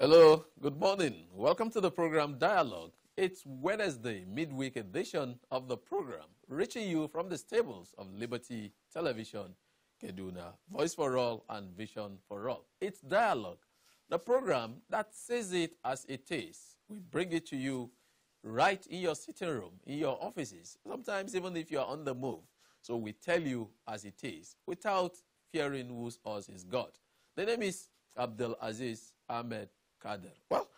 Hello, good morning. Welcome to the program Dialogue. It's Wednesday, midweek edition of the program, reaching you from the stables of Liberty Television, Kaduna, Voice for All, and Vision for All. It's Dialogue, the program that says it as it is. We bring it to you right in your sitting room, in your offices, sometimes even if you are on the move. So we tell you as it is, without fearing who's us is God. The name is Abdul Aziz Ahmed well,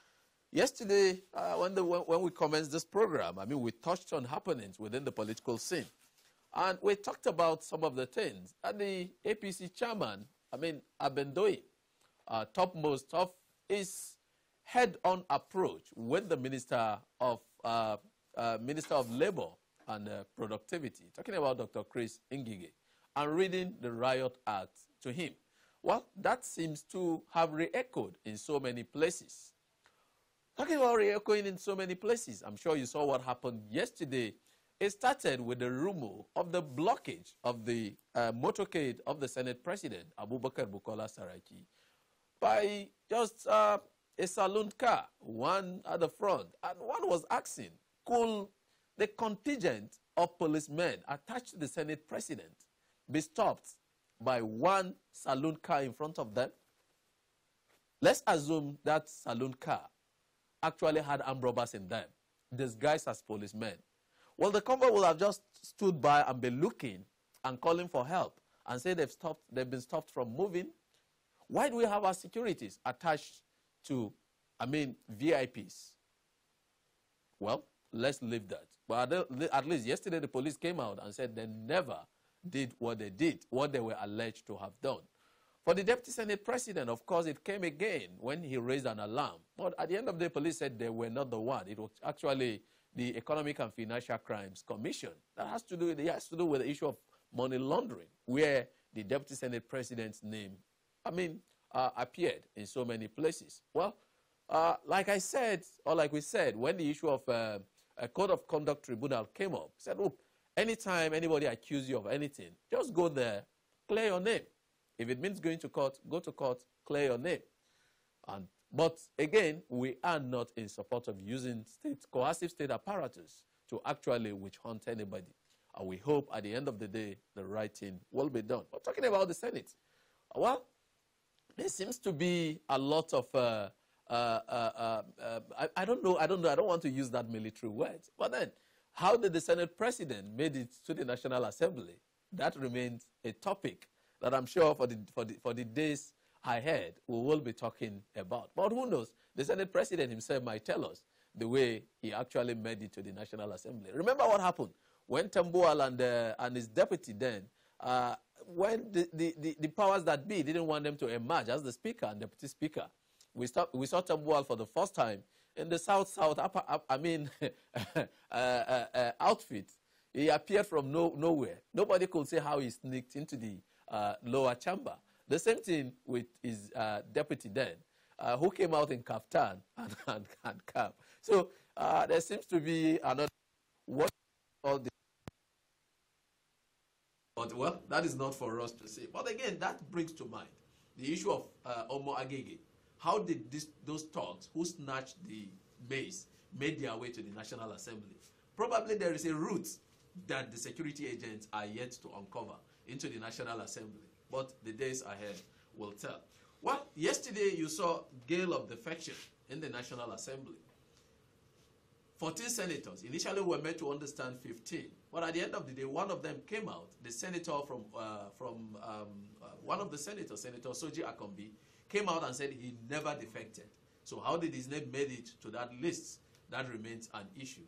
yesterday uh, when, the, when we commenced this program, I mean, we touched on happenings within the political scene. And we talked about some of the things. And the APC chairman, I mean, Abendoi, uh, topmost of his head-on approach with the Minister of, uh, uh, Minister of Labor and uh, Productivity, talking about Dr. Chris Ingige, and reading the Riot Act to him. Well, that seems to have re-echoed in so many places. Talking about re-echoing in so many places, I'm sure you saw what happened yesterday. It started with the rumor of the blockage of the uh, motorcade of the Senate President, Abubakar Bukola Saraki, by just uh, a saloon car, one at the front. And one was asking, could the contingent of policemen attached to the Senate President be stopped by one saloon car in front of them? Let's assume that saloon car actually had armed robbers in them, disguised as policemen. Well, the convoy would have just stood by and been looking and calling for help and say they've, stopped, they've been stopped from moving. Why do we have our securities attached to, I mean, VIPs? Well, let's leave that. But at least yesterday the police came out and said they never did what they did, what they were alleged to have done. For the deputy senate president, of course, it came again when he raised an alarm. But at the end of the day, police said they were not the one. It was actually the Economic and Financial Crimes Commission that has to do with, it has to do with the issue of money laundering, where the deputy senate president's name, I mean, uh, appeared in so many places. Well, uh, like I said, or like we said, when the issue of uh, a code of conduct tribunal came up, said, look, oh, Anytime anybody accuses you of anything, just go there, clear your name. If it means going to court, go to court, clear your name. And, but again, we are not in support of using state, coercive state apparatus to actually witch hunt anybody. And we hope at the end of the day, the right thing will be done. We're talking about the Senate, well, there seems to be a lot of, uh uh, uh, uh, uh, I, I, don't know, I don't know, I don't want to use that military word. But then, how did the Senate president made it to the National Assembly? That remains a topic that I'm sure for the, for the, for the days ahead we will be talking about. But who knows? The Senate president himself might tell us the way he actually made it to the National Assembly. Remember what happened when Tambuwal and, uh, and his deputy then, uh, when the, the, the, powers that be didn't want them to emerge as the speaker and deputy speaker. We, stopped, we saw Tambuwal for the first time in the South South, upper, upper, I mean, uh, uh, uh, outfit. He appeared from no, nowhere. Nobody could say how he sneaked into the uh, lower chamber. The same thing with his uh, deputy then, uh, who came out in kaftan and, and, and cap. So there seems to be another. What all the but well, that is not for us to say. But again, that brings to mind the issue of Omo Agege. How did this, those thugs who snatched the base made their way to the National Assembly? Probably there is a route that the security agents are yet to uncover into the National Assembly, but the days ahead will tell. Well, yesterday you saw gale of defection in the National Assembly. 14 senators initially were meant to understand 15, but at the end of the day, one of them came out, the senator from, uh, from um, uh, one of the senators, Senator Soji Akombi, came out and said he never defected. So how did his name made it to that list? That remains an issue.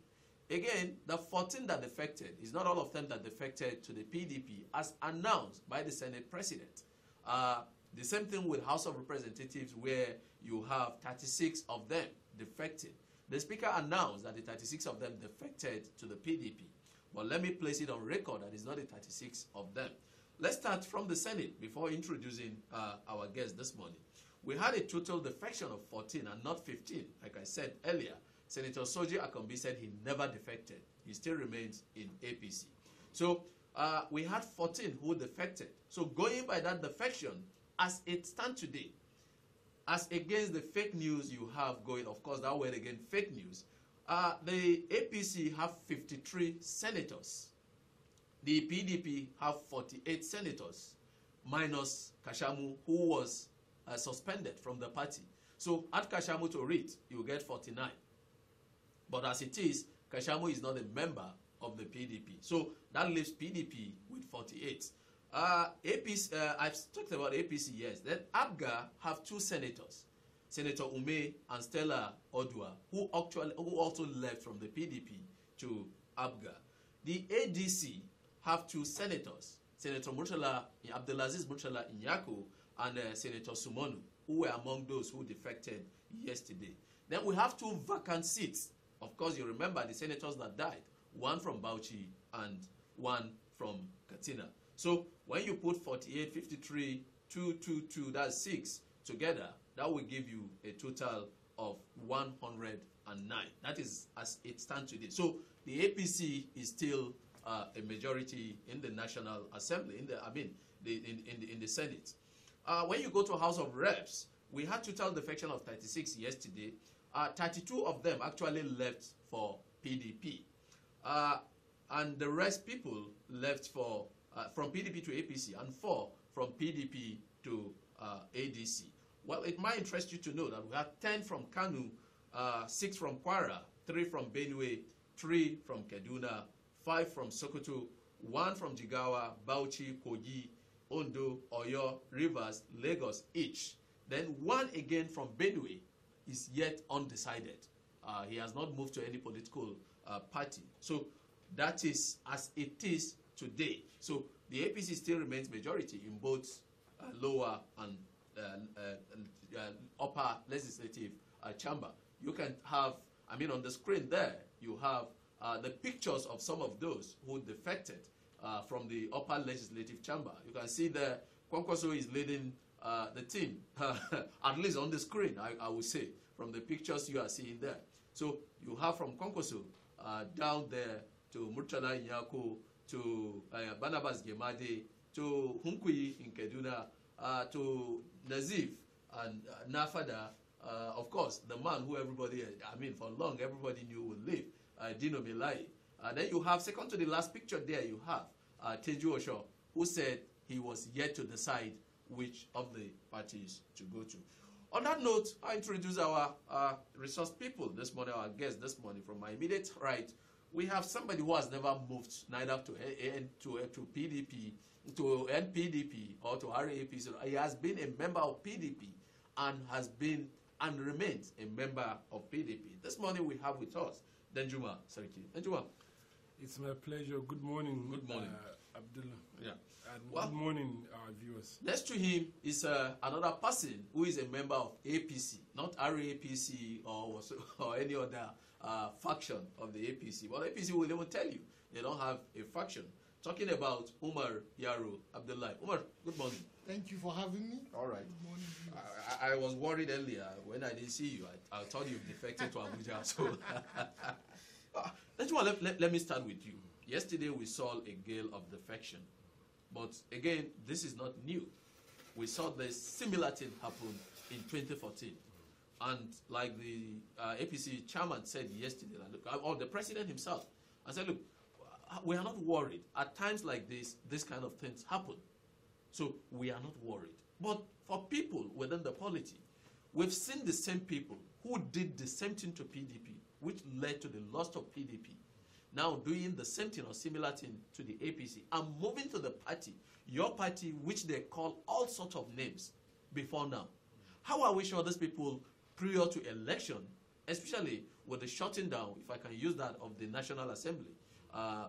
Again, the 14 that defected, is not all of them that defected to the PDP as announced by the Senate President. Uh, the same thing with House of Representatives where you have 36 of them defected. The Speaker announced that the 36 of them defected to the PDP. But let me place it on record that it's not the 36 of them. Let's start from the Senate before introducing uh, our guest this morning. We had a total defection of 14 and not 15, like I said earlier. Senator Soji Akombi said he never defected. He still remains in APC. So uh, we had 14 who defected. So going by that defection, as it stands today, as against the fake news you have going, of course, that word again, fake news, uh, the APC have 53 senators. The PDP have 48 senators, minus Kashamu, who was uh, suspended from the party. So at Kashamu to read, you get 49. But as it is, Kashamu is not a member of the PDP. So that leaves PDP with 48. Uh, APC, uh, I've talked about APC, yes. Then ABGA have two senators, Senator Ume and Stella Odua, who, actually, who also left from the PDP to ABGA. The ADC have two senators, Senator Murtala, Abdelaziz Murtala Inyako and uh, Senator Sumonu, who were among those who defected yesterday. Then we have two vacant seats. Of course, you remember the senators that died, one from Bauchi and one from Katina. So when you put 48, 53, 222, that's 6 together, that will give you a total of 109. That is as it stands today. So the APC is still uh, a majority in the National Assembly, in the, I mean, the, in, in, the, in the Senate. Uh, when you go to House of Reps, we had total defection of 36 yesterday. Uh, 32 of them actually left for PDP. Uh, and the rest people left for uh, from PDP to APC and four from PDP to uh, ADC. Well, it might interest you to know that we had 10 from Kanu, uh, 6 from Kwara, 3 from Benue, 3 from Kaduna, 5 from Sokoto, 1 from Jigawa, Bauchi, Kogi, Ondo, Oyo, Rivers, Lagos each. Then one again from Benue is yet undecided. Uh, he has not moved to any political uh, party. So that is as it is today. So the APC still remains majority in both uh, lower and uh, uh, uh, upper legislative chamber. You can have, I mean, on the screen there, you have the pictures of some of those who defected uh, from the upper legislative chamber. You can see there, Kwankwaso is leading uh, the team, at least on the screen, I, I would say, from the pictures you are seeing there. So you have from Kwankwaso uh, down there to Murtala Nyako, to uh, Banabas Gemade, to Hunkui in Kaduna, uh, to Nazif and Nafada, of course, the man who everybody, I mean, for long, everybody knew would live, Dino Milai, uh, then you have, second to the last picture there, you have uh, Teju Osho, who said he was yet to decide which of the parties to go to. On that note, I introduce our uh, resource people this morning, our guest this morning. From my immediate right, we have somebody who has never moved neither to, N to, uh, to PDP, to NPDP or to RAP. So he has been a member of PDP and has been and remains a member of PDP. This morning we have with us Denjuma Sariki. Denjuma, it's my pleasure. Good morning. Good uh, morning. Uh, Abdullah. Yeah. And well, good morning, our viewers. Next to him is uh, another person who is a member of APC, not RAPC or, or any other uh, faction of the APC. Well, APC will even tell you they don't have a faction. Talking about Umar Yaro Abdullah. Umar, good morning. Thank you for having me. All right. Good morning. I, I was worried earlier when I didn't see you. I, I thought you defected to Abuja. So. Ah, let, let, let me start with you. Yesterday we saw a gale of defection. But again, this is not new. We saw the similar thing happen in 2014. And like the uh, APC chairman said yesterday, uh, or the president himself, I said, look, uh, we are not worried. At times like this, this kind of things happen. So we are not worried. But for people within the polity, we've seen the same people who did the same thing to PDP which led to the loss of PDP, now doing the same thing or similar thing to the APC and moving to the party, your party, which they call all sorts of names before now. How are we sure these people prior to election, especially with the shutting down, if I can use that, of the National Assembly, uh,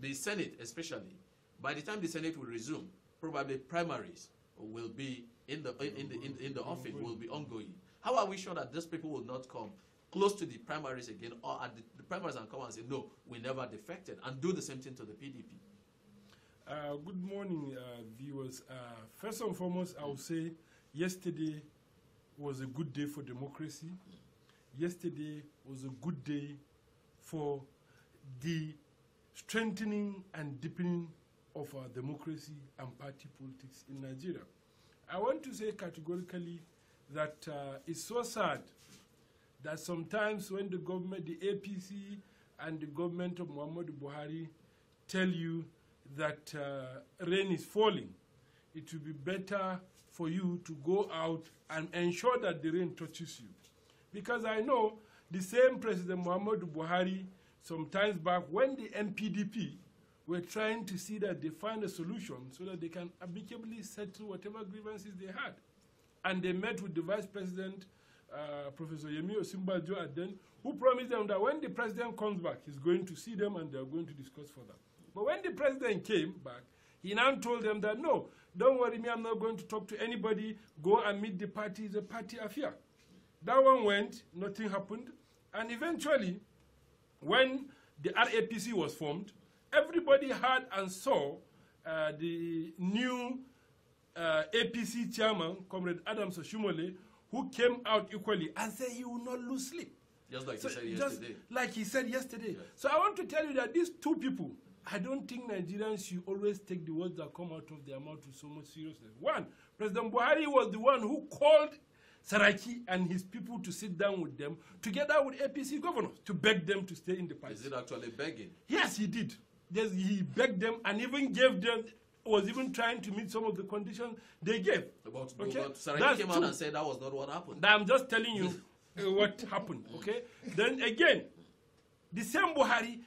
the Senate especially, by the time the Senate will resume, probably primaries will be in the, in, in the, in, in the office, will be ongoing. How are we sure that these people will not come close to the primaries again or at the, the primaries and come and say, no, we never defected, and do the same thing to the PDP? Uh, good morning, uh, viewers. Uh, first and foremost, I will say yesterday was a good day for democracy. Yesterday was a good day for the strengthening and deepening of our democracy and party politics in Nigeria. I want to say categorically that uh, it's so sad that sometimes when the government, the APC and the government of Muhammadu Buhari tell you that uh, rain is falling, it will be better for you to go out and ensure that the rain touches you. Because I know the same President Muhammadu Buhari, sometimes back when the MPDP were trying to see that they find a solution so that they can amicably settle whatever grievances they had. And they met with the Vice President uh, Professor Yemi Osimbajo at then, who promised them that when the president comes back, he's going to see them and they're going to discuss further. But when the president came back, he now told them that, no, don't worry me, I'm not going to talk to anybody. Go and meet the party. It's a party affair. That one went, nothing happened. And eventually, when the RAPC was formed, everybody heard and saw uh, the new uh, APC chairman, Comrade Adams Oshumole, who came out equally and said he will not lose sleep. Just like so he said yesterday. like he said yesterday. So I want to tell you that these two people, I don't think Nigerians should always take the words that come out of their mouth with so much seriousness. One, President Buhari was the one who called Saraki and his people to sit down with them, together with APC governors, to beg them to stay in the party. Is it actually begging? Yes, he did. Yes, he begged them and even gave them was even trying to meet some of the conditions they gave. But, okay? but That's came true. out and said that was not what happened. I'm just telling you what happened. Okay. Then again, the same Buhari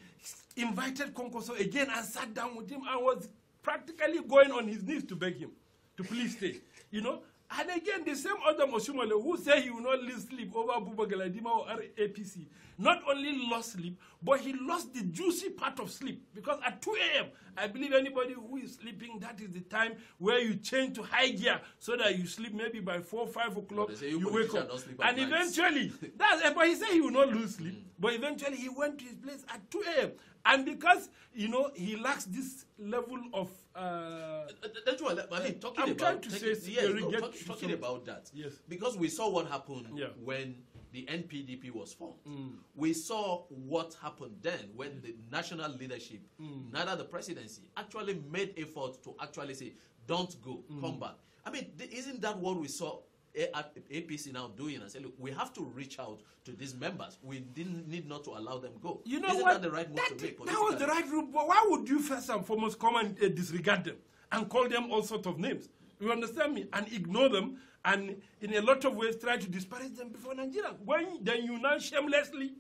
invited Konkoso again and sat down with him and was practically going on his knees to beg him to please stay. You know, and again, the same other Oshumale who said he will not lose sleep over Abu Galadima or APC, not only lost sleep, but he lost the juicy part of sleep. Because at 2 a.m., I believe anybody who is sleeping, that is the time where you change to high gear so that you sleep maybe by 4 5 o'clock, you, you wake up. And eventually, that's, eh, but he said he will not lose sleep. Mm. But eventually, he went to his place at 2 a.m. And because, you know, he lacks this level of uh, That's what I mean, talking I'm about, trying to say yes, no, talk, talking about that. Yes. Because we saw what happened yeah. when the NPDP was formed. Mm. We saw what happened then when the national leadership, mm. neither the presidency, actually made effort to actually say, don't go, mm. come back. I mean, isn't that what we saw APC now doing and say, look, we have to reach out to these members. We didn't need not to allow them go. You know Isn't what? that the right move that, to make? That was the right move. But why would you first and foremost come and uh, disregard them and call them all sorts of names? You understand me? And ignore them and in a lot of ways try to disparage them before Nigeria. When then you now shamelessly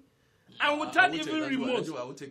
and without even remorse, okay,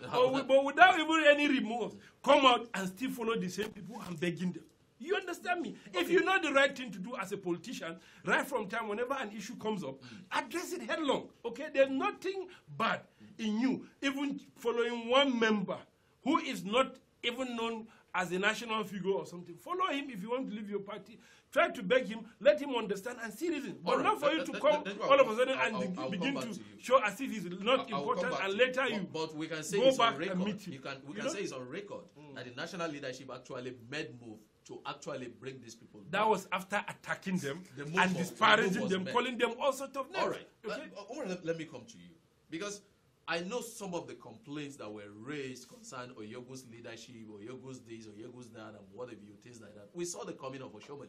but without even any remorse, come out and still follow the same people and begging them. You understand me? Okay. If you know the right thing to do as a politician, right from time, whenever an issue comes up, address it headlong. Okay? There's nothing bad in you, even following one member who is not even known as a national figure or something. Follow him if you want to leave your party. Try to beg him, let him understand and see reason. But right. not for that, you to that, come that, all of a sudden I'll, and I'll, I'll begin to, to show as if he's not important and later you. But, but we can say it's on record. You can, we you can know? say it's on record mm. that the national leadership actually made move to actually bring these people. That was after attacking them the and disparaging them, calling them all sorts of names. All right, okay. Uh, let, let, me come to you because I know some of the complaints that were raised concerned Oyogo's leadership, Oyogo's this, Oyogu's that, and what you, things like that. We saw the coming of Oshomali.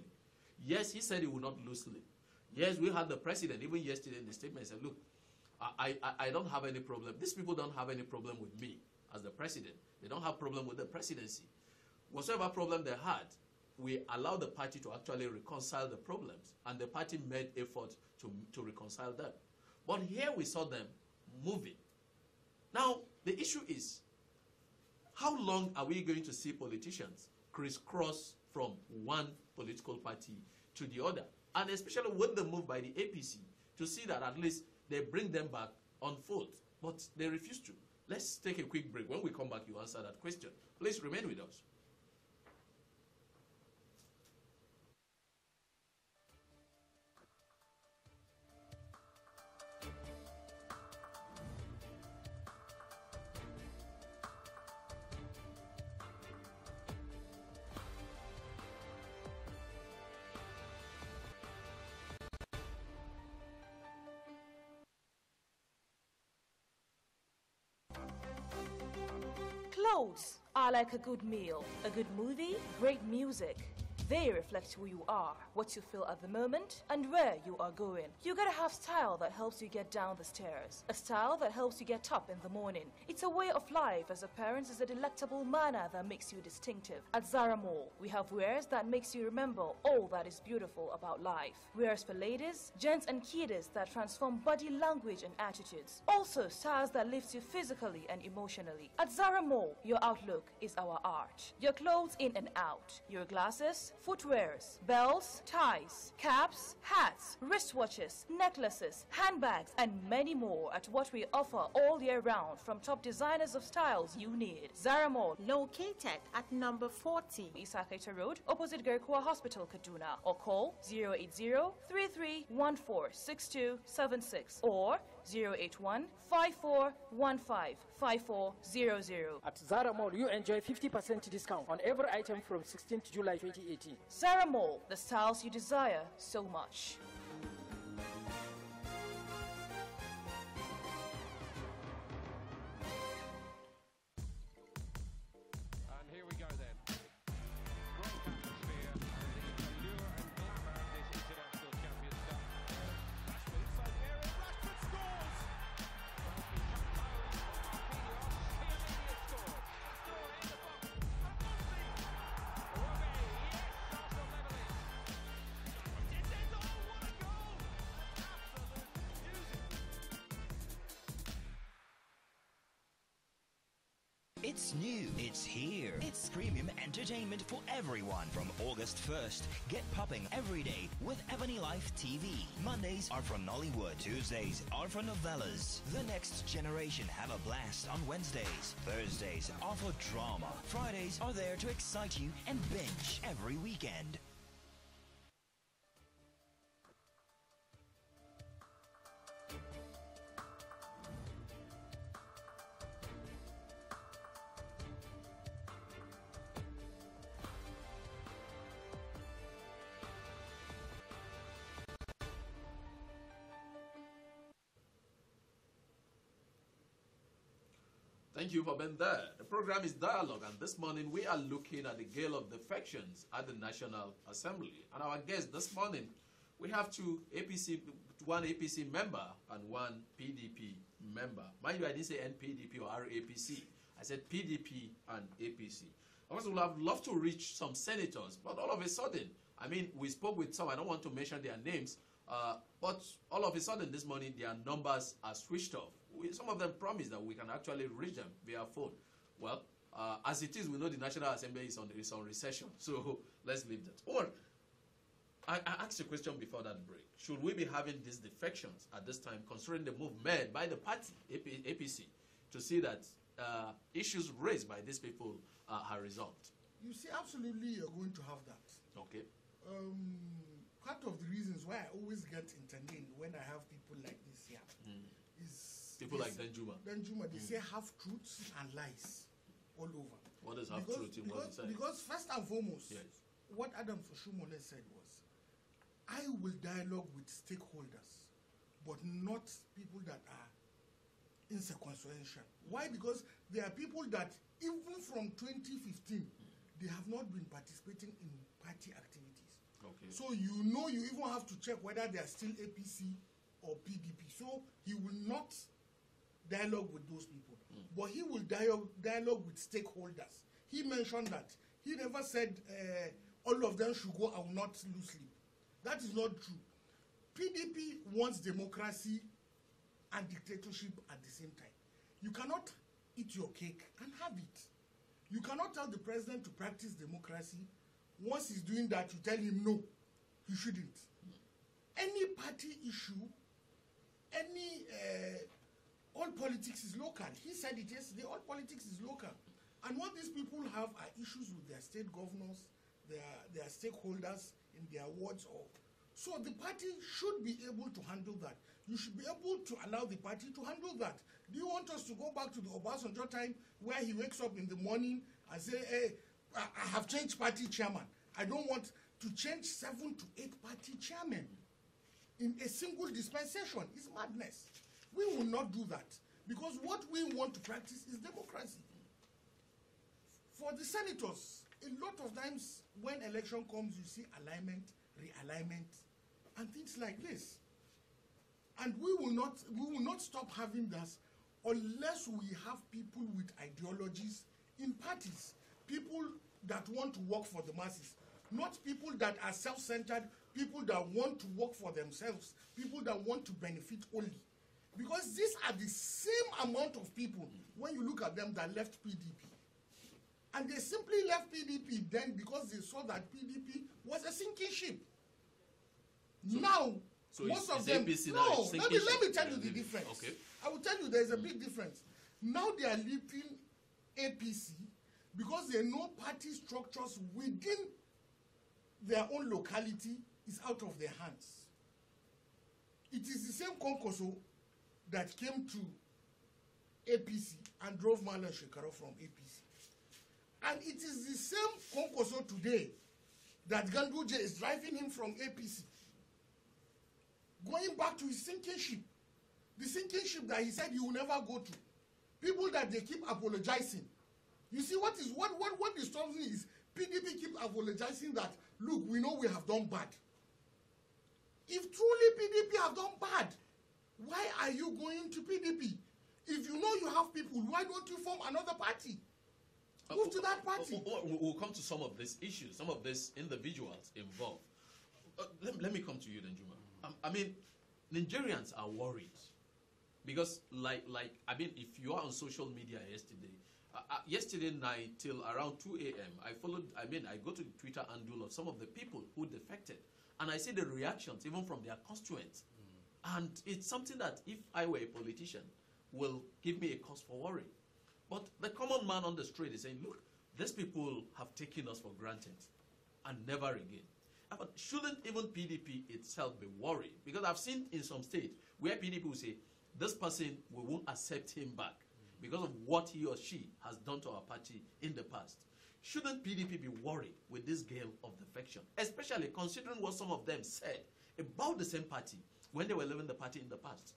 Yes, he said he would not lose sleep. Yes, we had the president even yesterday in the statement said, look, I, I, I don't have any problem. These people don't have any problem with me as the president. They don't have problem with the presidency whatever problem they had, we allowed the party to actually reconcile the problems, and the party made effort to, to reconcile them. But here we saw them moving. Now, the issue is, how long are we going to see politicians crisscross from one political party to the other? And especially with the move by the APC, to see that at least they bring them back on foot, But they refuse to. Let's take a quick break. When we come back, you answer that question. Please remain with us. Sports are like a good meal, a good movie, great music, they reflect who you are, what you feel at the moment, and where you are going. You gotta have style that helps you get down the stairs, a style that helps you get up in the morning. It's a way of life as a parent is a delectable manner that makes you distinctive. At Zara Mall, we have wares that makes you remember all that is beautiful about life. Wares for ladies, gents and kiddies that transform body language and attitudes. Also, styles that lifts you physically and emotionally. At Zara Mall, your outlook is our art. Your clothes in and out, your glasses, footwears, belts, ties, caps, hats, wristwatches, necklaces, handbags, and many more at what we offer all year round from top designers of styles you need. Zara Mall, located at number 40 Isaketa Road, opposite Gerkua Hospital, Kaduna, or call 080 3314 6276 or 081 5415 5400. At Zara Mall, you enjoy 50% discount on every item from 16th July 2018. Zara Mall, the styles you desire so much. new. It's here. It's premium entertainment for everyone. From August 1st, get popping every day with Ebony Life TV. Mondays are for Nollywood. Tuesdays are for novellas. The Next Generation have a blast on Wednesdays. Thursdays are for drama. Fridays are there to excite you and binge every weekend. you've been there. The program is Dialogue, and this morning we are looking at the Gale of Defections at the National Assembly. And our guest this morning, we have two APC, one APC member and one PDP member. Mind you, I didn't say NPDP or RAPC. I said PDP and APC. I we would have loved to reach some senators, but all of a sudden, I mean, we spoke with some, I don't want to mention their names, uh, but all of a sudden this morning, their numbers are switched off we, some of them promise that we can actually reach them via phone. Well, uh, as it is, we know the National Assembly is on, is on recession, so let's leave that. Or, I, I asked a question before that break. Should we be having these defections at this time, considering the move made by the party, AP, APC, to see that uh, issues raised by these people uh, are resolved? You see, absolutely, you're going to have that. Okay. Um, part of the reasons why I always get intervened when I have people like this here mm. is People they like Benjuma, Benjuma, they mm. say half truths and lies all over. What is half truth in because, Because first and foremost, yes. what Adam Fushumole said was, I will dialogue with stakeholders, but not people that are inconsequential. Why? Because there are people that even from 2015, they have not been participating in party activities. Okay. So you know you even have to check whether they are still APC or PDP. So he will not dialogue with those people. Mm. But he will dialogue, with stakeholders. He mentioned that. He never said uh, all of them should go and not lose sleep. That is not true. PDP wants democracy and dictatorship at the same time. You cannot eat your cake and have it. You cannot tell the president to practice democracy. Once he's doing that, you tell him no, he shouldn't. Hmm. Any party issue, any uh, all politics is local. He said it yesterday, all politics is local. And what these people have are issues with their state governors, their, their stakeholders in their wards. Or, so the party should be able to handle that. You should be able to allow the party to handle that. Do you want us to go back to the Obasanjo time where he wakes up in the morning and say, hey, I have changed party chairman. I don't want to change seven to eight party chairmen in a single dispensation. It's madness. We will not do that because what we want to practice is democracy. For the senators, a lot of times when election comes, you see alignment, realignment, and things like this. And we will not, we will not stop having that unless we have people with ideologies in parties, people that want to work for the masses, not people that are self-centered, people that want to work for themselves, people that want to benefit only. Because these are the same amount of people, when you look at them, that left PDP. And they simply left PDP then because they saw that PDP was a sinking ship. So, now, so most of them. APC no, let me, let me tell you the difference. Okay. I will tell you there's a big difference. Now they are leaping APC because they know party structures within their own locality is out of their hands. It is the same concourse oh. that came to APC and drove Malam Shekaro from APC. And it is the same Konkoso today that Ganduje is driving him from APC. Going back to his sinking ship. The sinking ship that he said he will never go to. People that they keep apologizing. You see, what is what what what disturbs me is PDP keep apologizing that look, we know we have done bad. If truly PDP have done bad, Why are you going to PDP? If you know you have people, why don't you form another party? Uh, Move uh, to that uh, party. Uh, we'll come to some of these issues, some of these individuals involved. Let, let, me come to you then, Juma. Mm-hmm. Um, I mean, Nigerians are worried because, like, like I mean, if you are on social media yesterday, yesterday night till around 2 a.m., I followed, I mean, I go to the Twitter handle of some of the people who defected, and I see the reactions even from their constituents. Mm. And it's something that, if I were a politician, will give me a cause for worry. But the common man on the street is saying, look, these people have taken us for granted and never again. But shouldn't even PDP itself be worried? Because I've seen in some states where PDP will say, this person, we won't accept him back because of what he or she has done to our party in the past. Shouldn't PDP be worried with this gale of defection, especially considering what some of them said about the same party when they were leaving the party in the past.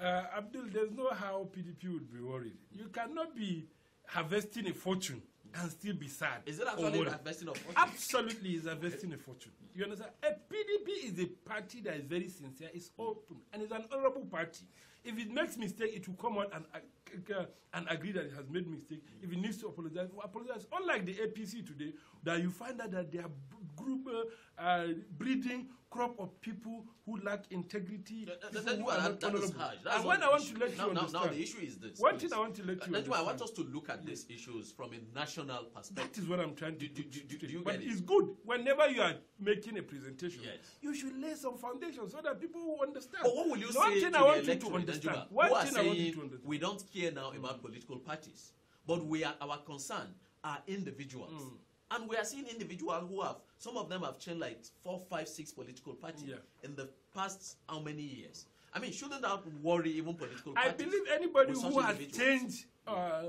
Uh, Abdul, there's no how PDP would be worried. You cannot be harvesting a fortune and still be sad. Is it actually harvesting a fortune? Absolutely, is harvesting a fortune. You understand? A PDP is a party that is very sincere, it's open, and it's an honorable party. If it makes mistake, it will come out and act uh, and agree that it has made mistakes, if it needs to apologize, apologize. Unlike the APC today, that you find out that they are group uh, uh, breeding crop of people who lack integrity. that, that, who are that, that is harsh. That's and when I want issue. to let now, you now, understand. Now the issue is this. One thing I want to let you know. I want us to look at these issues from a national perspective. That is what I'm trying to do. do, do, do, do you but it's it? good. Whenever you are making a presentation, yes. you should lay some foundation so that people will understand. But what will you one say thing to I want you to understand. One thing I want you to understand. We don't care care now mm. about political parties. But we are, our concern are individuals. Mm. And we are seeing individuals who have, some of them have changed like four, five, six political parties yeah. in the past how many years? I mean, shouldn't that worry even political parties? I believe anybody who has changed uh,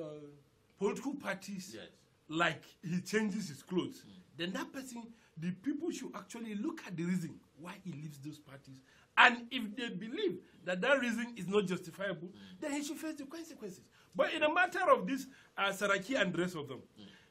political parties, yes. like he changes his clothes, mm. then that person, the people should actually look at the reason why he leaves those parties and if they believe that that reason is not justifiable, then he should face the consequences. But in a matter of this uh, Saraki and the rest of them,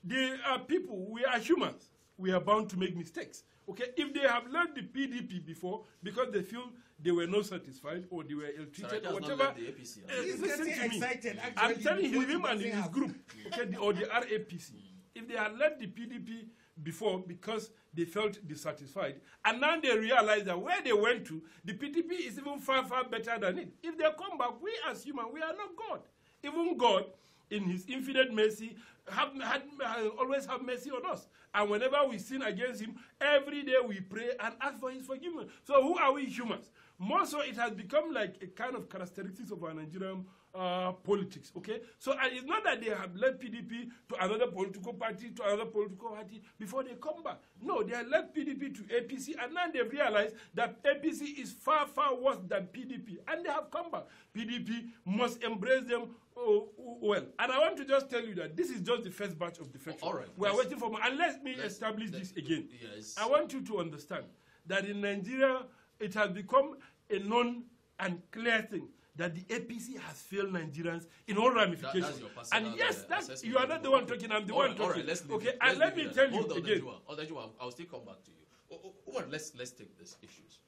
they are people, we are humans. We are bound to make mistakes. Okay, if they have led the PDP before because they feel they were not satisfied or they were ill-treated or whatever, the APC, uh, he's listen to me. Excited, actually, I'm telling him and his group, okay, the, or the RAPC, if they had led the PDP before because they felt dissatisfied. And now they realize that where they went to, the PTP is even far, far better than it. If they come back, we as human, we are not God. Even God, in his infinite mercy, have, had, uh, always have mercy on us. And whenever we sin against him, every day we pray and ask for his forgiveness. So who are we humans? More so, it has become like a kind of characteristics of our Nigerian uh, politics. Okay, so uh, it's not that they have led PDP to another political party to another political party before they come back. No, they have led PDP to APC, and now they realize that APC is far far worse than PDP, and they have come back. PDP must embrace them Oh, well, and I want to just tell you that this is just the first batch of defection. All right. We are waiting for more. And let me let's, establish let's, this again. Yes. I want you to understand that in Nigeria, it has become a known and clear thing that the APC has failed Nigerians in all ramifications. That, and yes, uh, that's, you are not the one talking, I'm the all one right, talking. let's okay, and let me tell you again. I'll, I'll still come back to you. Oh, oh, let's, let's take these issues.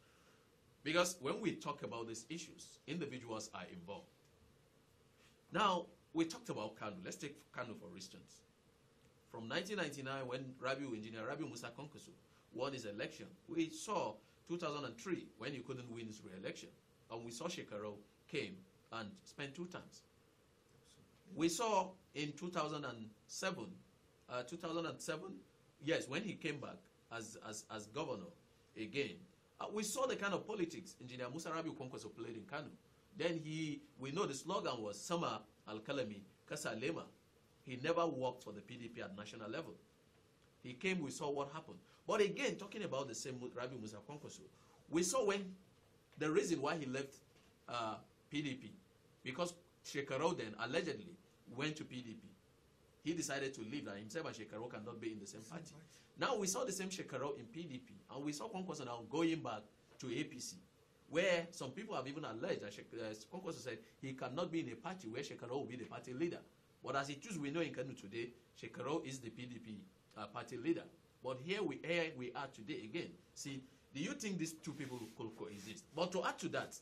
Because when we talk about these issues, individuals are involved. Now, we talked about Kanu. Let's take Kanu for instance. From 1999, when Rabiu engineer Rabiu Musa Konkosu won his election, we saw 2003 when he couldn't win his re-election, and we saw Shekaro came and spent two times. We saw in 2007, uh, 2007, yes, when he came back as, as, as governor again, uh, we saw the kind of politics Engineer Musa Rabi Kwankwaso played in Kano. Then he, we know the slogan was Sama Al-Kalami Kasa Lema. He never worked for the PDP at national level. He came, we saw what happened. But again, talking about the same Rabi Musa Kwankwaso, we saw when the reason why he left uh, PDP because Shekaro then allegedly went to PDP. He decided to leave that himself and Shekaro cannot be in the same party. Now we saw the same Shekaro in PDP and we saw Kwankwaso now going back to APC where some people have even alleged that uh, Kwankwaso said he cannot be in a party where Shekaro will be the party leader. But as it is, we know in Kanu today, Shekaro is the PDP uh, party leader. But here we, here we are today again. See, do you think these two people could coexist? But to add to that,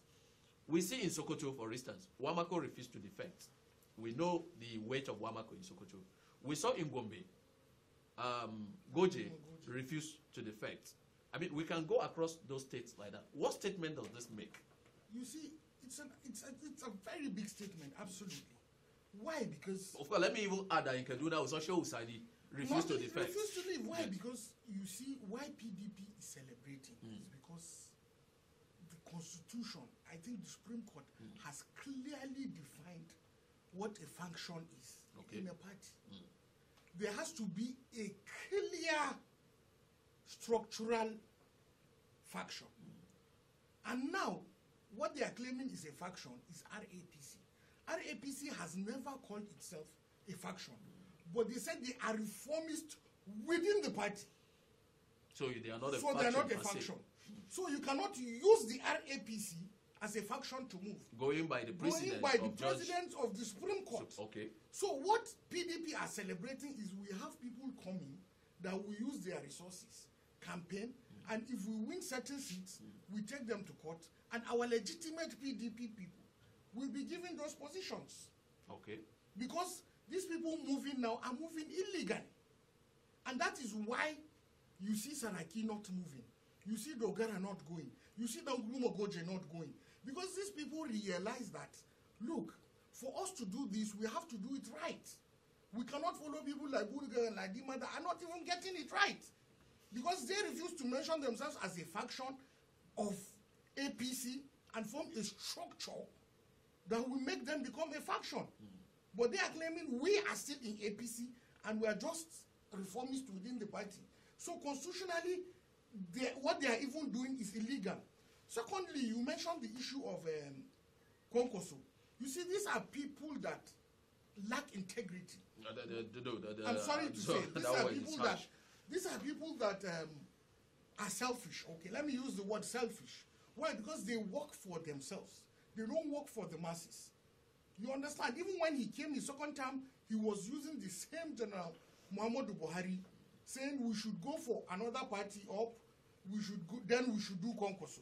we see in Sokoto, for instance, Wamako refused to defend. We know the weight of Wamako in Sokoto. We saw in Gombe, um, Goje refused to defect. I mean, we can go across those states like that. What statement does this make? You see, it's, an, it's, a, it's a very big statement, absolutely. Why? Because... Of course, let me even add that in Kaduna, Ososho Usadi refused to defect. Refused to leave. Why? Yes. Because, you see, why PDP is celebrating mm. is hmm. because the constitution I think the Supreme Court mm. has clearly defined what a function is okay. in a party. Mm. There has to be a clear structural faction. Mm. And now, what they are claiming is a faction is RAPC. RAPC has never called itself a faction, but they said they are reformists within the party. So they are not a so faction. So they are not a faction. So you cannot use the RAPC as a faction to move. Going by the president, by the of, president of the Supreme Court. So, okay. So what PDP are celebrating is we have people coming that will use their resources, campaign, mm. and if we win certain seats, mm. we take them to court, and our legitimate PDP people will be given those positions. Okay. Because these people moving now are moving illegally. And that is why you see Saraki not moving. You see Dogara not going. You see Dangumo Goje not going. Because these people realize that, look, for us to do this, we have to do it right. We cannot follow people like Bulga and like Dima that are not even getting it right. Because they refuse to mention themselves as a faction of APC and form a structure that will make them become a faction. Mm. But they are claiming we are still in APC and we are just reformists within the party. So constitutionally, they, what they are even doing is illegal. Secondly, you mentioned the issue of um, You see, these are people that lack integrity. I'm sorry to say, these are people that these are people that um, are selfish. Okay, let me use the word selfish. Why? Because they work for themselves. They don't work for the masses. You understand? Even when he came the second time, he was using the same general Muhammadu Buhari, saying we should go for another party up. We should go, then we should do Konkoso.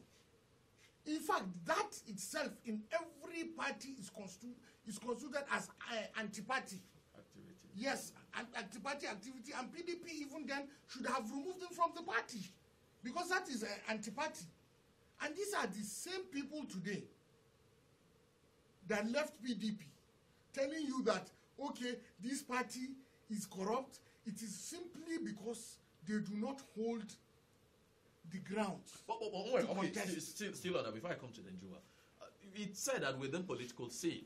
In fact, that itself in every party is, constitu is constituted as uh, eh, anti-party. Activity. Yes, anti-party activity. And PDP even then should have removed them from the party because that is uh, eh, anti-party. And these are the same people today that left PDP telling you that, okay, this party is corrupt. It is simply because they do not hold the ground. But, but, but wait, wait, still, still on that, before I come to Nigeria, uh, it said that within political scene,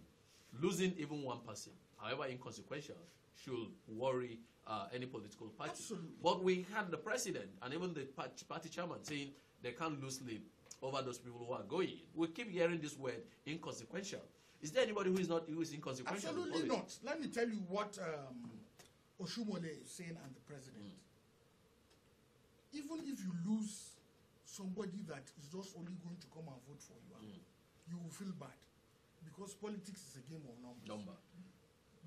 losing even one person, however inconsequential, should worry uh, any political party. Absolutely. But we had the president and even the party chairman saying they can't lose sleep over those people who are going. We keep hearing this word inconsequential. Is there anybody who is not who is inconsequential? Absolutely not. Let me tell you what um, Oshumole is saying and the president. Mm. Even if you lose somebody that is just only going to come and vote for you, mm. you will feel bad because politics is a game of numbers. Number.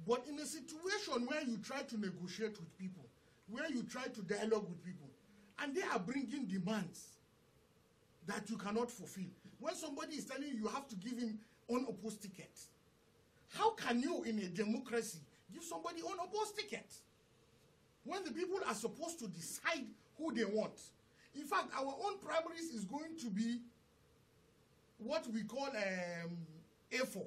But in a situation where you try to negotiate with people, where you try to dialogue with people, and they are bringing demands that you cannot fulfill, when somebody is telling you you have to give him unopposed ticket, how can you, in a democracy, give somebody unopposed ticket when the people are supposed to decide who they want? In fact, our own primaries is going to be what we call um, A4.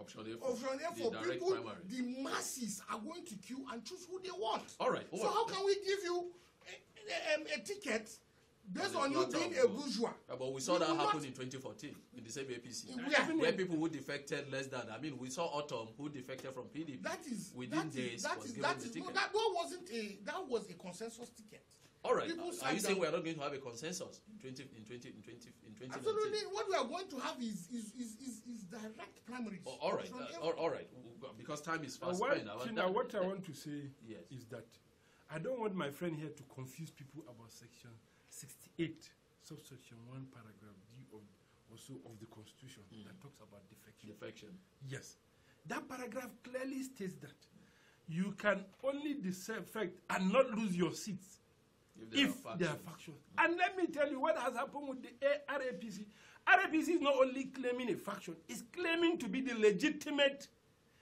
Option A4. Option A4. The people, primary. the masses are going to queue and choose who they want. All right. so right. how can we give you a, a, um, a, ticket based on you being a bourgeois. Yeah, but we saw we that happen not... in 2014 in the same APC, yeah. where people who defected less than. I mean, we saw Autumn who defected from PDP. That is within that days is, that was is, given that the is, ticket. No, that, that wasn't a that was a consensus ticket. All right. People Are you saying we are not going to have a consensus in 20 in 20 in 20 in 20? Absolutely. What we are going to have is is is, is, is direct primaries. Oh, all right. Uh, all right. Because time is uh, fast. Uh, what, now, that, what I want to say yes. is that I don't want my friend here to confuse people about section 68, subsection 1, paragraph D of also of the Constitution mm. that talks about defection. Defection. Yes. That paragraph clearly states that you can only defect and not lose your seats if, they are factual. And let me tell you what has happened with the RAPC. RAPC is not only claiming a faction, it's claiming to be the legitimate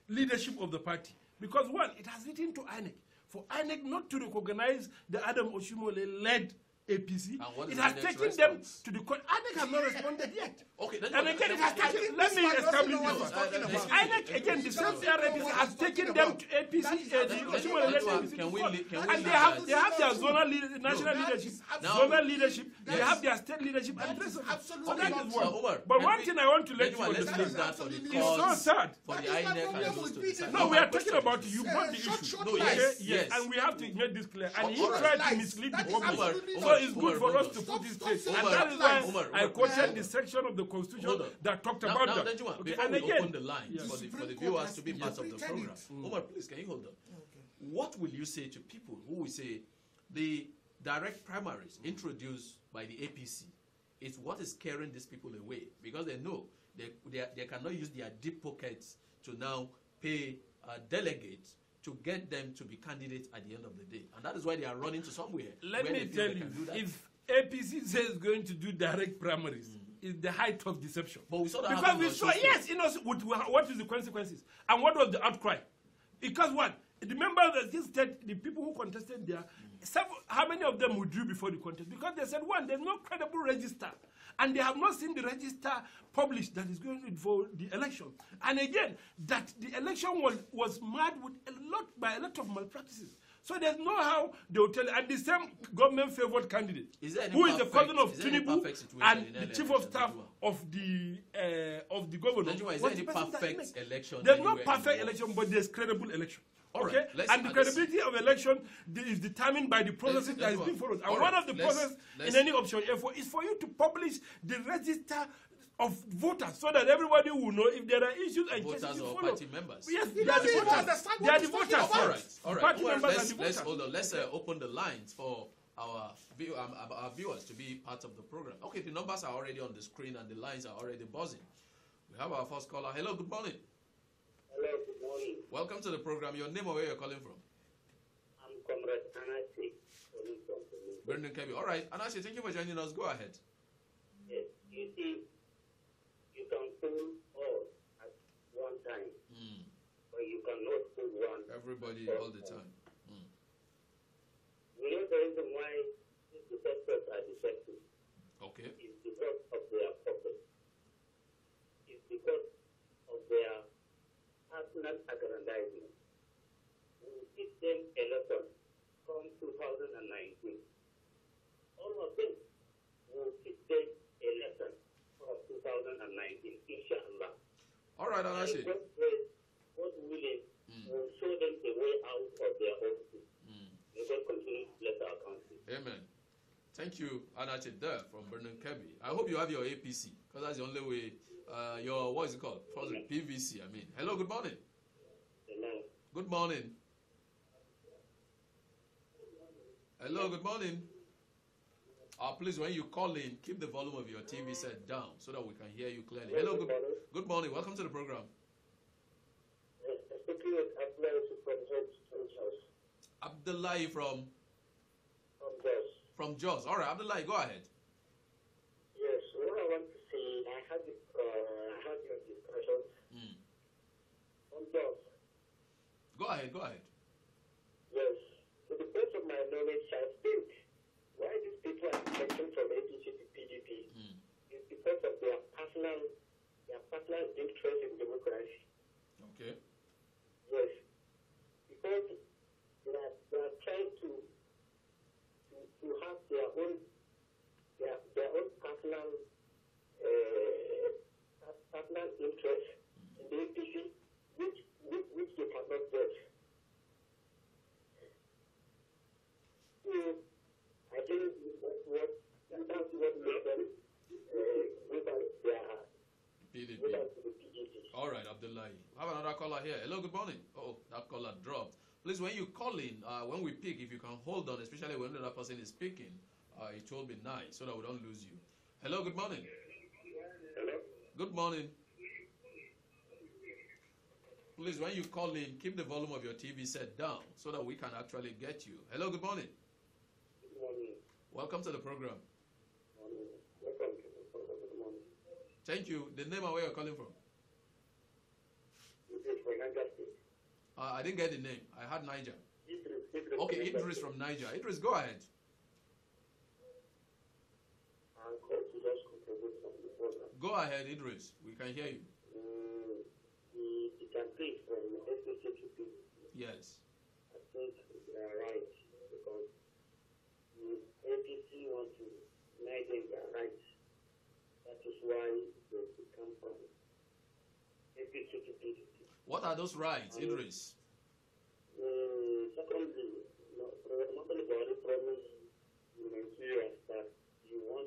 leadership of the party. Because one, it has written to INEC for INEC not to recognize the Adam Oshimole led APC. It has taken them to the court. INEC has not responded yet. okay, and again, it has taken. Let me establish this. INEC, uh, uh, uh, again, the same CRM has taken them to APC, and they have, they have their zonal lead, national leadership, zonal leadership, they have their state leadership. absolutely. But one thing I want to let you understand is so sad. For the INEC No, we are talking about you brought the issue. Yes, yes. And we have to make this clear. And he tried to mislead the public it's good for us to put this place. And that is why I quoted the section of the Constitution that talked about that. Okay, and again, the line for the viewers to be part of the program. Omar, hmm. please, can you hold on? What will you say to people who will say the direct primaries introduced by the APC is what is scaring these people away because they know they, they, they cannot use their deep pockets to now pay uh, delegates to get them to be candidates at the end of the day. And that is why they are running to somewhere. Let me tell you, if APC says going to do direct primaries, mm -hmm. is the height of deception. But we saw that because we saw yes, you know what is the consequences and what was the outcry? Because what remember that this state, the people who contested there, mm several, how many of them withdrew before the contest? Because they said, one, there's no credible register. And they have not seen the register published that is going for the election. And again, that the election was, was marred with a lot, by a lot of malpractices. So there's no how they will tell And the same government favored candidate, is who perfect, is the cousin of Tinubu and the chief of staff of the uh, of the governor. Is there any perfect election? There's no perfect election, but there's credible election okay? Right. and the credibility of election is determined by the processes that is being followed. And one of the processes process in any option therefore, is for you to publish the register of voters so that everybody will know if there are issues and voters cases or party members. Yes, they are the voters. They are the voters. All right, all right. Party well, members let's, the let's hold on. Let's uh, open the lines for our, view, um, our viewers to be part of the program. Okay, the numbers are already on the screen and the lines are already buzzing. We have our first caller. Hello, good morning. Hello, morning. Welcome to the program. Your name or where you're calling from? I'm Comrade Anase, calling from Benin. Brendan Kebi. All right, Anase, thank you for joining us. Go ahead. Yes, you see, you can pull all at one time, mm. but you cannot pull one. Everybody all the time. inshallah. All right, I'll ask you. God willing, hmm. will show them the way out of their own sin. Hmm. continue to bless our country. Amen. Thank you, Adachi, there from Bernard Kirby. I hope you have your APC, because that's the only way, uh, your, what is it called? Probably PVC, I mean. Hello, good morning. Hello. Good morning. Hello, good morning. Uh, please, when you call in, keep the volume of your TV set down so that we can hear you clearly. Hello, good, good morning. Welcome to the program. Abdullahi from? From Jos. From Jos. All right, Abdullahi, go ahead. Yes, what I want to say, I had, uh, I had your discussion mm. Jos. Go ahead, go ahead. personal their personal interest in democracy. Okay. Yes. Because they are, they are trying to, to, to have their own their, their own personal uh, personal interest in the decision which, which which they cannot judge. So I think what what that's what made PDP. PDP. All right, Abdullahi. have another caller here. Hello, good morning. Uh oh, that caller dropped. Please, when you call in, uh, when we pick, if you can hold on, especially when the other person is speaking, uh, it will be nice so that we don't lose you. Hello, good morning. Hello. Good morning. Please, when you call in, keep the volume of your TV set down so that we can actually get you. Hello, good morning. Good morning. Welcome to the program. Thank you. The name of where you're calling from? Uh, I didn't get the name. I had Niger. okay, Idris from Niger. Idris, go ahead. Go ahead, Idris. We can hear you. Mm, yes. I think they are right because the APC wants to make them right. That is why what are those rights, Idris? Secondly, promised that to those one.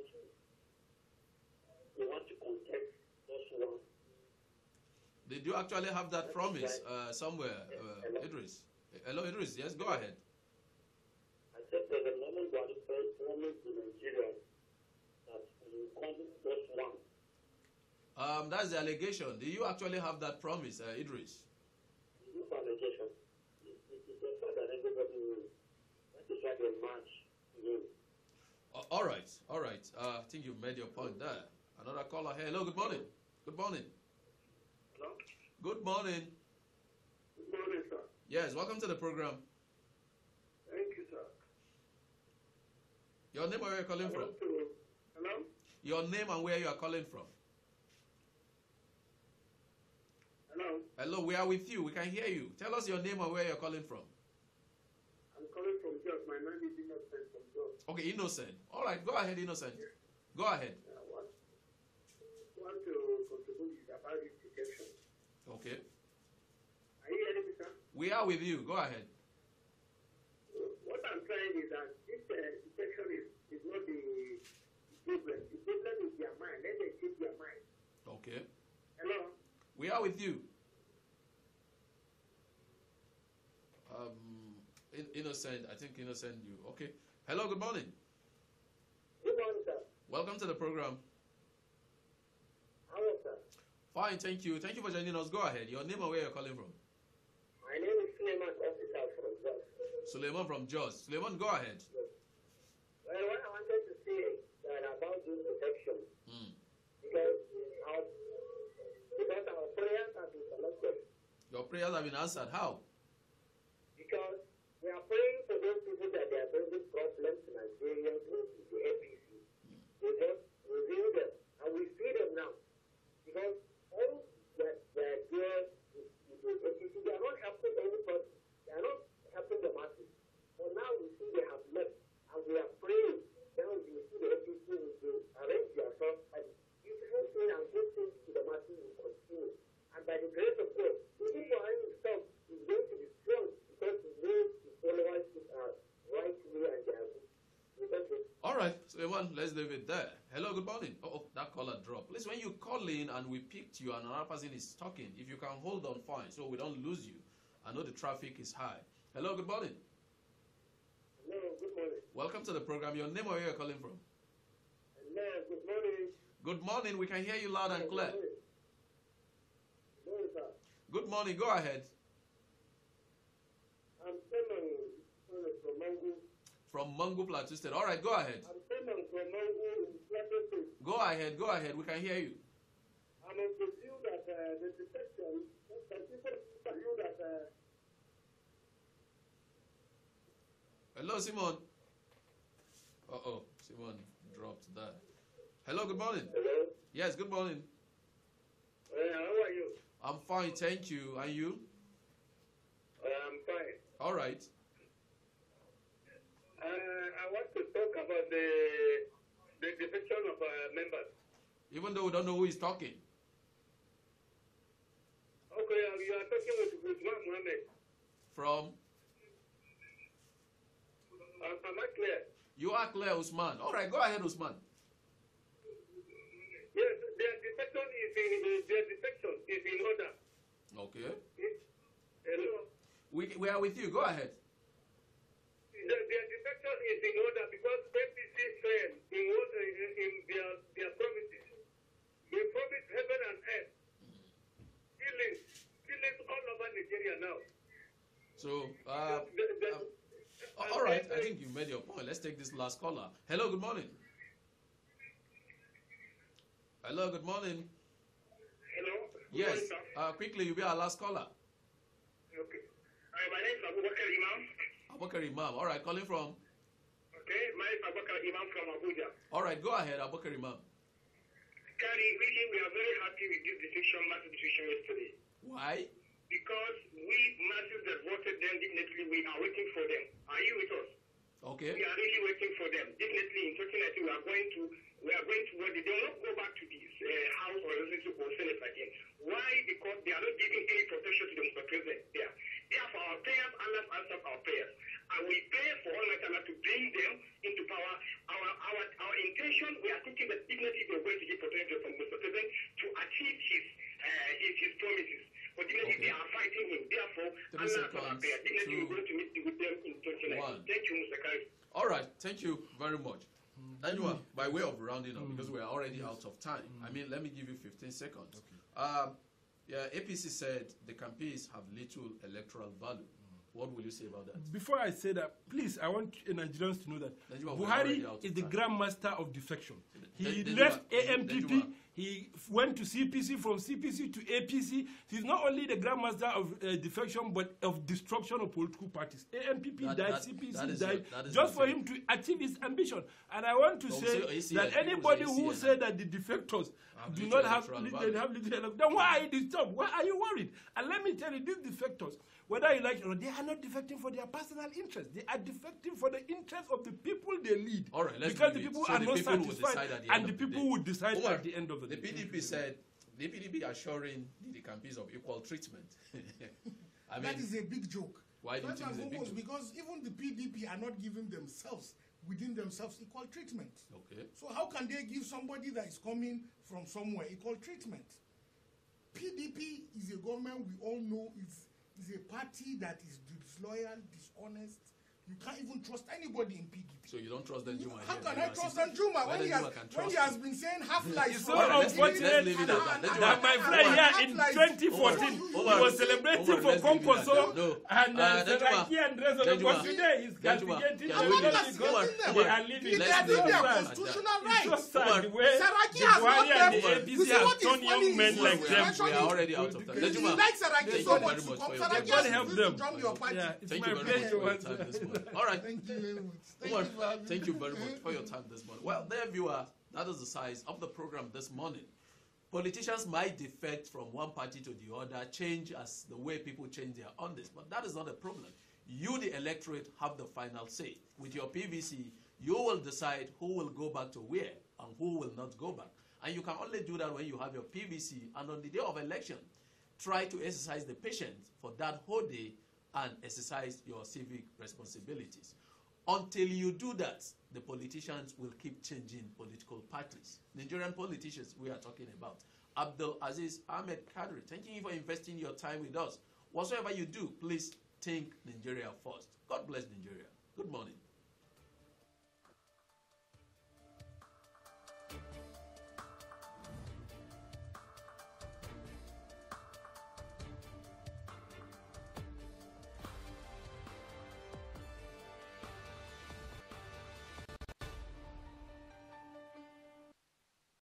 Did you actually have that That's promise right. uh, somewhere, uh, Hello. Idris? Hello, Idris. Yes, go ahead. I said that the promised that one. Um, that's the allegation. Do you actually have that promise, uh, Idris? No allegation. It's a fact that everybody will. That is match. All right, all right. Uh, I think you've made your point there. Another caller Hello, good morning. Good morning. Hello? Good morning. Good morning, sir. Yes, welcome to the program. Thank you, sir. Your name and where you're calling Hello? from? Hello? Your name and where you are calling from? Hello. Hello, we are with you. We can hear you. Tell us your name or where you're calling from. I'm calling from Jos. My name is Innocent from Jos. Okay, Innocent. All right, go ahead, Innocent. Yeah. Go ahead. I uh, want, want to contribute about this rejection. Okay. Are you hearing me, sir? We are with you. Go ahead. What I'm trying is that this uh, is, is not the problem. The problem is their mind. Let them keep their mind. Okay. Hello. We are with you. Um, innocent, I think innocent you. Okay. Hello, good morning. Good morning, sir. Welcome to the program. How are you, sir? Fine, thank you. Thank you for joining us. Go ahead. Your name or where you're calling from? My name is Suleiman Officer from Jos. Suleiman from Jos. Suleiman, go ahead. Yes. Well, what I wanted to say that about this protection, mm. because, our, because our prayers have been collected. Your prayers have been answered. How? because we are praying for those people that they are going with problems in Nigeria, those the APC. We just reveal them, and we see them now. Because all that they are there is the APC. They are not helping anybody. They are not helping the masses. But now we see they have left, and we are praying. Now you see the APC will arrange yourself and beautiful things and good things to the masses will continue. And by the grace of God, people right, so everyone, let's leave it there. Hello, good morning. oh, that caller dropped. Please, when you call in and we picked you and another person is talking, if you can hold on, fine, so we don't lose you. I know the traffic is high. Hello, good morning. Hello, good morning. Welcome to the program. Your name or where you're calling from? Hello, good morning. Good morning. We can hear you loud and clear. Good morning. Go ahead. from Mungu Plateau State. All right, go ahead. Go ahead, go ahead. We can hear you. I'm of the view that uh, the detection, the you that. Uh... Hello, Simon. Uh oh, Simon dropped that. Hello, good morning. Hello. Yes, good morning. Uh, how are you? I'm fine, thank you. Are you? Uh, I'm fine. All right. Uh, I want to talk about the the defection of our uh, members. Even though we don't know who is talking. Okay, uh, you are talking with Usman Mohammed. From? Uh, am I clear? You are clear, Usman. All right, go ahead, Usman. Yes, their defection is in uh, their defection is in order. Okay. Hello. We, we are with you. Go ahead is in order because PPC failed in, in, in their, their promises. They promised heaven and earth. Killings, killings all over Nigeria now. So, uh, the, the, the, uh, all right, I think you made your point. Let's take this last caller. Hello, good morning. Hello, good morning. Hello. Good yes. Morning, uh, quickly, you'll be our last caller. Okay. Hi, my name is Abubakar Imam. Abubakar Imam. All right, calling from? Okay, my Abubakar Imam from Abuja. All right, go ahead, Abubakar Imam. Kari, really, we are very happy with this decision, massive decision yesterday. Why? Because we masses that voted them definitely we are waiting for them. Are you with us? Okay. We are really waiting for them. Definitely in 2019 we are going to we are going to well, they will not go back to this uh, house or to or senate again. Why? Because they are not giving any protection to the president there. Therefore, our prayers, Allah answers our prayers. And we pray for Almighty Allah to bring them into power. Our, our, our intention, we are taking the dignity is a way to give protection from Mr. President to achieve his, uh, his, his promises. But dignity, okay. they are fighting him. Therefore, Three Allah answers our prayer. Dignity are going to meet with them in 2019. Thank you, Mr. Kari. All right. Thank you very much. Mm. Anyway, by way of rounding up, mm. because we are already mm. out of time, mm. I mean, let me give you 15 seconds. Okay. Um, yeah, APC said the campaigns have little electoral value. Mm. What will you say about that? Before I say that, please, I want Nigerians to know that Nigeria, Buhari is the grandmaster of defection. He Nigeria, left AMPP. He went to CPC, from CPC to APC. He's not only the grandmaster of uh, defection, but of destruction of political parties. AMPP that, died, that, CPC that died, your, just for him to achieve his ambition. And I want to oh, so say, that anybody who said that the defectors have do not have, they have little Then why are you disturbed? Why are you worried? And let me tell you, these defectors, whether you like it or not, they are not defecting for their personal interest. They are defecting for the interest of the people they lead. All right, let's Because the people so are the not people satisfied, and the people will decide at the end of the, the day. The PDP said, the PDP assuring the campaigns of equal treatment. I mean, that is a big joke. Why do you think it's a big joke? Because even the PDP are not giving themselves within themselves equal treatment. Okay. So how can they give somebody that is coming from somewhere equal treatment? PDP is a government we all know is, is a party that is disloyal, dishonest, you can't even trust anybody in PDP. So you don't trust Danjuma? How can I trust Danjuma when, he has, when he has been saying half lies? so unfortunate that my friend here in 2014 he was celebrating for Concoso and uh, uh, Zeraki and the rest of them. Today he's castigating because they are living. They are living their constitutional rights. Seraki has not left. This is what is young men like them. We are already out of time. Danjuma, thank you very much for your Thank you very much All right. Thank you very much. Thank, well, you, for thank you very much for your time this morning. Well, there you are. That is the size of the program this morning. Politicians might defect from one party to the other, change as the way people change their on this, but that is not a problem. You, the electorate, have the final say. With your PVC, you will decide who will go back to where and who will not go back. And you can only do that when you have your PVC. And on the day of election, try to exercise the patience for that whole day and exercise your civic responsibilities. Until you do that, the politicians will keep changing political parties. Nigerian politicians we are talking about. Abdul Aziz Ahmed Kadri, thank you for investing your time with us. Whatsoever you do, please think Nigeria first. God bless Nigeria. Good morning.